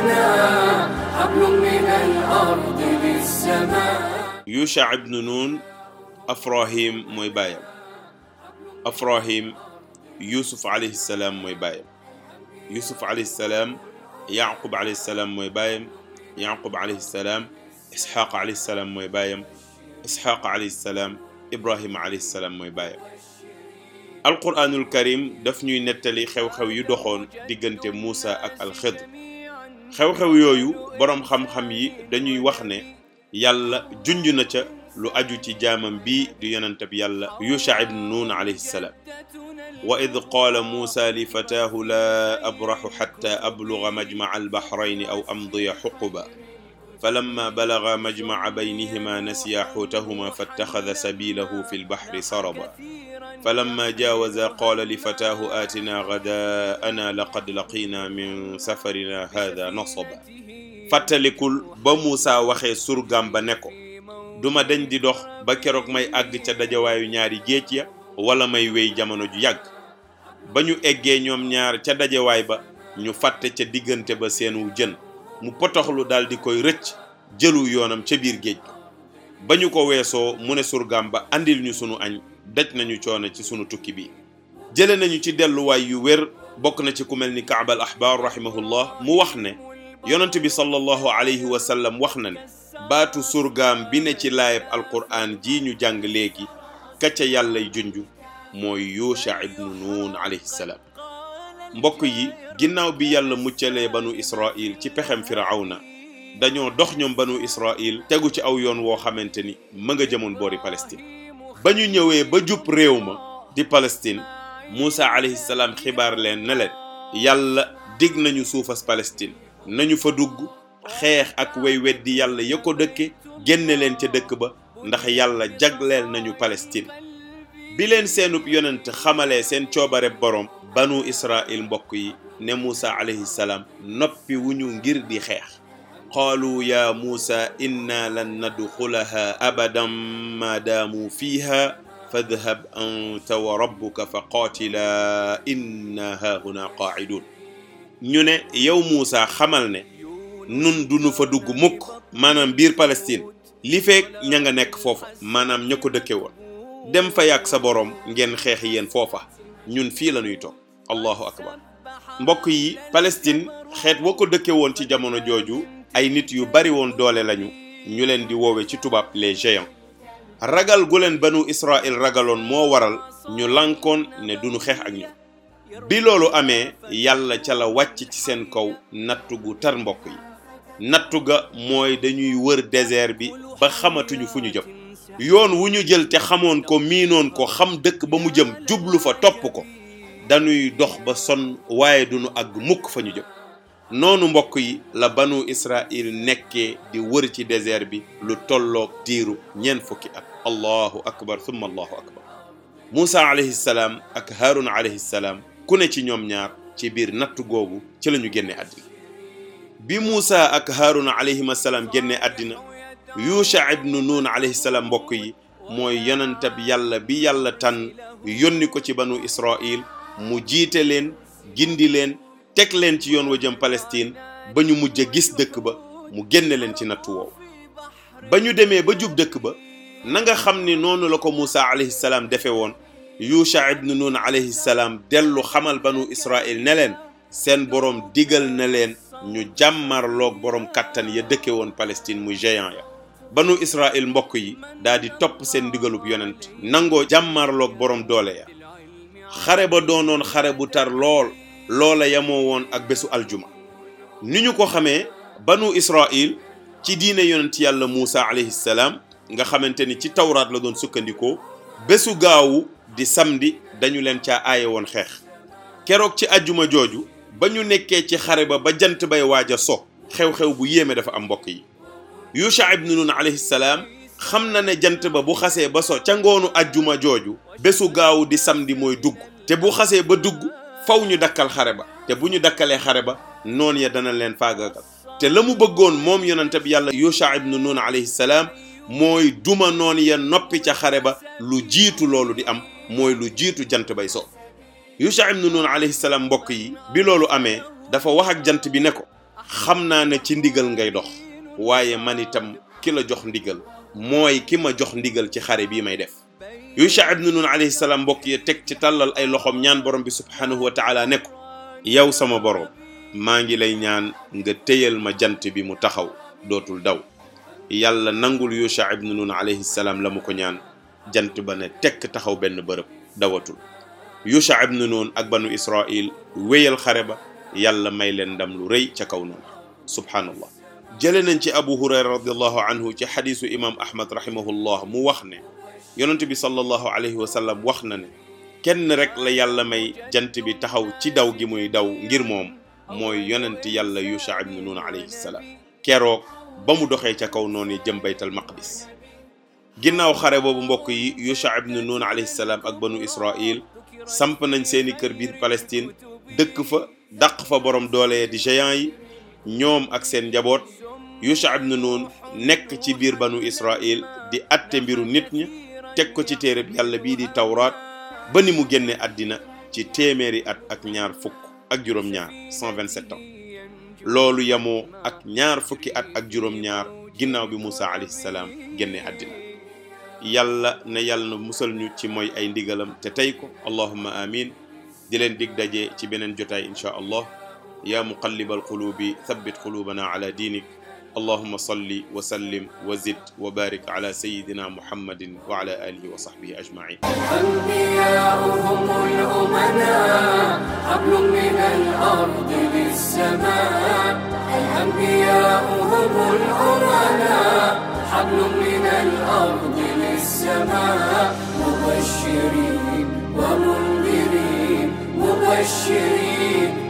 لنا حبل من الأرض للسماء يوشع بن نون Afrahim mooy baayam Afrahim Yusuf alayhi salaam mooy baayam Yusuf alayhi salaam Yaqub alayhi salaam mooy baayam Yaqub alayhi salaam Isxaq alayhi salaam mooy baayam Isxaq alayhi salaam Ibrahim alayhi salaam mooy baayam. Alquraanul Karim daf ñuy nettali xew-xew yu doxoon diggante Muusa ak Alxidr. xew-xew yooyu boroom xam-xam yi dañuy wax ne yàlla junj na ca lu aju ci jaamam bii di yonent bi yàlla yusha ibn nuun alayhi salaam wa id qaala muusa li fataahu laa abraxu xatta abluga majmaca albaxrayni aw amdiya xuquba falamma balaga majmaca baynihima nasiya xuutahuma fattaxada sabilahu fi lbaxri saraba falamma jaawaza qaala li fataahu aatinaa ghadaa'anaa laqad laqiinaa min safarinaa haadhaa nasaba fàttalikul ba Muusaa waxee surgam ba ne ko duma dañ di dox ba keroog may àgg ca dajawaayu ñaari géej ya wala may wéy jamono ju yàgg ba ñu eggee ñoom ñaar ca dajawaay ba ñu fàtte ca diggante ba seenu jën mu potoxlu daal di koy rëcc jëlu yoonam ca biir géej ba ñu ko weesoo mu ne surgam ba andil ñu sunu añ daj nañu coono ci sunu tukki bi jële nañu ci delluwaay yu wér bokk na ci ku mel ni Kaab al Ahbar mu wax ne yonent bi sallallahu alayhi wa sallam wax na ne baatu surgaam bi ne ci laayab alquraan ji ñu jàng léegi kacca yàllay junj mooy Yuusha ibnu Nuun alayhi mbokk yi ginnaaw bi yàlla mu muccalee banu Israil ci pexem firawna dañoo dox ñoom banu Israil tegu ci aw yoon woo xamante ni ma nga jëmoon boori Palestine ba ñu ñëwee ba jub réew ma di Palestine Moussa alayhi salaam xibaar leen ne leen yàlla dig nañu suufas Palestine nañu fa dugg xeex ak way weddi yàlla ya ko dëkke génne leen ca dëkk ba ndax yàlla jagleel nañu Palestine bi leen seenub yonent xamalee seen coobare borom banu Israil mbokk yi ne Moussa alayhi salaam noppi wu ñu ngir di xeex qaalu ya muusa inna lan nadxulaha abadan ma daamu fiiha fadhab anta wa rabbuka fa qaatila inna haahuna qaacidun ñu ne yow muusa xamal ne nun duñu fa dugg mukk maanaam biir Palestine li feek ña nga nekk foofa maanaam ña ko dëkke woon dem fa yàgg sa boroom ngeen xeex yéen foofa ñun fii la ñuy toog allahu akbar mbokk yi Palestine xeet woo ko dëkke woon ci jamono jooju ay nit yu bari woon doole lañu ñu leen di woowe ci tubaab les géants ragal gu leen banu Israël ragaloon moo waral ñu lankoon ne duñu xeex ak ñoom bi loolu amee yàlla ca la wàcc ci seen kaw nattu gu tar mbokk yi nattu ga mooy dañuy wër désert bi ba xamatuñu fu ñu jëm yoon wu ñu jël te xamoon ko miinoon ko xam dëkk ba mu jëm jublu fa topp ko dañuy dox ba sonn waaye duñu àgg mukk fa ñu jëm noonu mbokk yi la banu israil nekkee di wër ci désert bi lu tollook diiru ñeent fukki at allahu akbar thumma allahu akbar muusa alayhi salaam ak haarun alayhi salaam ku ne ci ñoom ñaar ci biir natt googu ci lañu ñu génne àddina bi muusa ak haarun alayhim salaam génne àddina yusha ibnu nuun alayhi mbokk yi mooy yonentab yàlla bi yàlla tànn yónni ko ci banu israil mu jiite leen gindi leen teg leen ci yoon wa jëm Palestine ba ñu mujj gis dëkk ba mu génne leen ci nattu woowu ba ñu demee ba jub dëkk ba na nga xam ni noonu la ko Moussa alayhi salaam defe woon Yusha ibnu Nun alayhi salaam dellu xamal banu Israil ne leen seen borom digal na leen ñu jàmmarloog boroom kàttan ya dëkke woon Palestine muy géant ya banu Israil mbokk yi daal di topp seen ndigalub yonent nangoo jàmmarloog boroom doole ya xare ba doonoon xare bu tar lool loola yamoo woon ak bésu aljuma ni ñu ko xamee banu israil ci diine yonent yàlla Muusa alayhi salaam nga xamante ni ci tawraat la doon sukkandikoo bésu gaawu di samedi dañu leen ca aaye woon xeex keroog ci ajjuma jooju ba ñu nekkee ci xare ba ba jant bay waaj a so xew-xew bu yéeme dafa am mbokk yi Yusha ibnu Nun alayhi salaam xam na ne jant ba bu xasee ba so ca ngoonu ajjuma jooju bésu gaawu di samedi mooy dugg te bu xasee ba dugg faw ñu dakkal xare ba te bu ñu dakkalee xare ba noon ya dana leen faagaagal te la mu bëggoon moom yonente bi yàlla Yusha nu Nun alayhi salaam mooy duma noon ya noppi ca xare ba lu jiitu loolu di am mooy lu jiitu jant bay so Yusha nu Nun alayhi salaam mbokk yi bi loolu amee dafa wax ak jant bi ne ko xam naa ne ci ndigal ngay dox waaye manitam itam la jox ndigal mooy ki ma jox ndigal ci xare bii may def Yusha ibnu Nun alayhi mbokk yi teg ci tàllal ay loxoom ñaan borom bi subhanahu wa taala ne ko yow sama borom maa ngi lay ñaan nga téyal ma jant bi mu taxaw dootul daw yàlla nangul Yusha ibnu Nun alayhi ko ñaan jant ba ne tekk taxaw benn bërëb dawatul Yusha ibnu Nun ak banu Israil wéyal xare ba yàlla may leen ndam lu rey ca kaw noonu subhanallah jële nañ ci Abu Hurayra radiallahu anhu ci xadisu imam Ahmad rahimahullah mu wax ne yonent bi sallallahu alayhi wa sallam wax na ne kenn rek la yàlla may jant bi taxaw ci daw gi muy daw ngir moom mooy yonent yàlla Yusha ibnu Nun alayhi salaam keroog ba mu doxee ca kaw noonu jëm baytal maqdis ginnaaw xare boobu mbokk yi Yusha ibnu Nun alayhi ak banu Israil samp nañ seeni kër biir Palestine dëkk fa dàq fa borom doole di géant yi ñoom ak seen njaboot Yusha ibnu Nun nekk ci biir banu Israil di atte mbiru nit ñi teg ko ci téereb yàlla bii di tawraat ba ni mu génne àddina ci téeméeri at ak ñaar fukk ak juróom-ñaar loolu yamoo ak ñaar fukki at ak juróom-ñaar ginnaaw bi Moussa alayhi génne àddina yàlla ne yàlla na musal ñu ci mooy ay ndigalam te tey ko allahumma amin di leen dig daje ci beneen jotaay inchaa allah yaa muqallibal qulubi thabbit qulubana ala diinik allahuma salli wa sallim wa zid wa barik ala sayidina muhammadin wa ala alihi wa sahbihi ajmain anbiyauhum lumana hablum min alard lilsama anbiyauhum lumana hablum min alard lilsama mubashirin wa mundirin mubashirin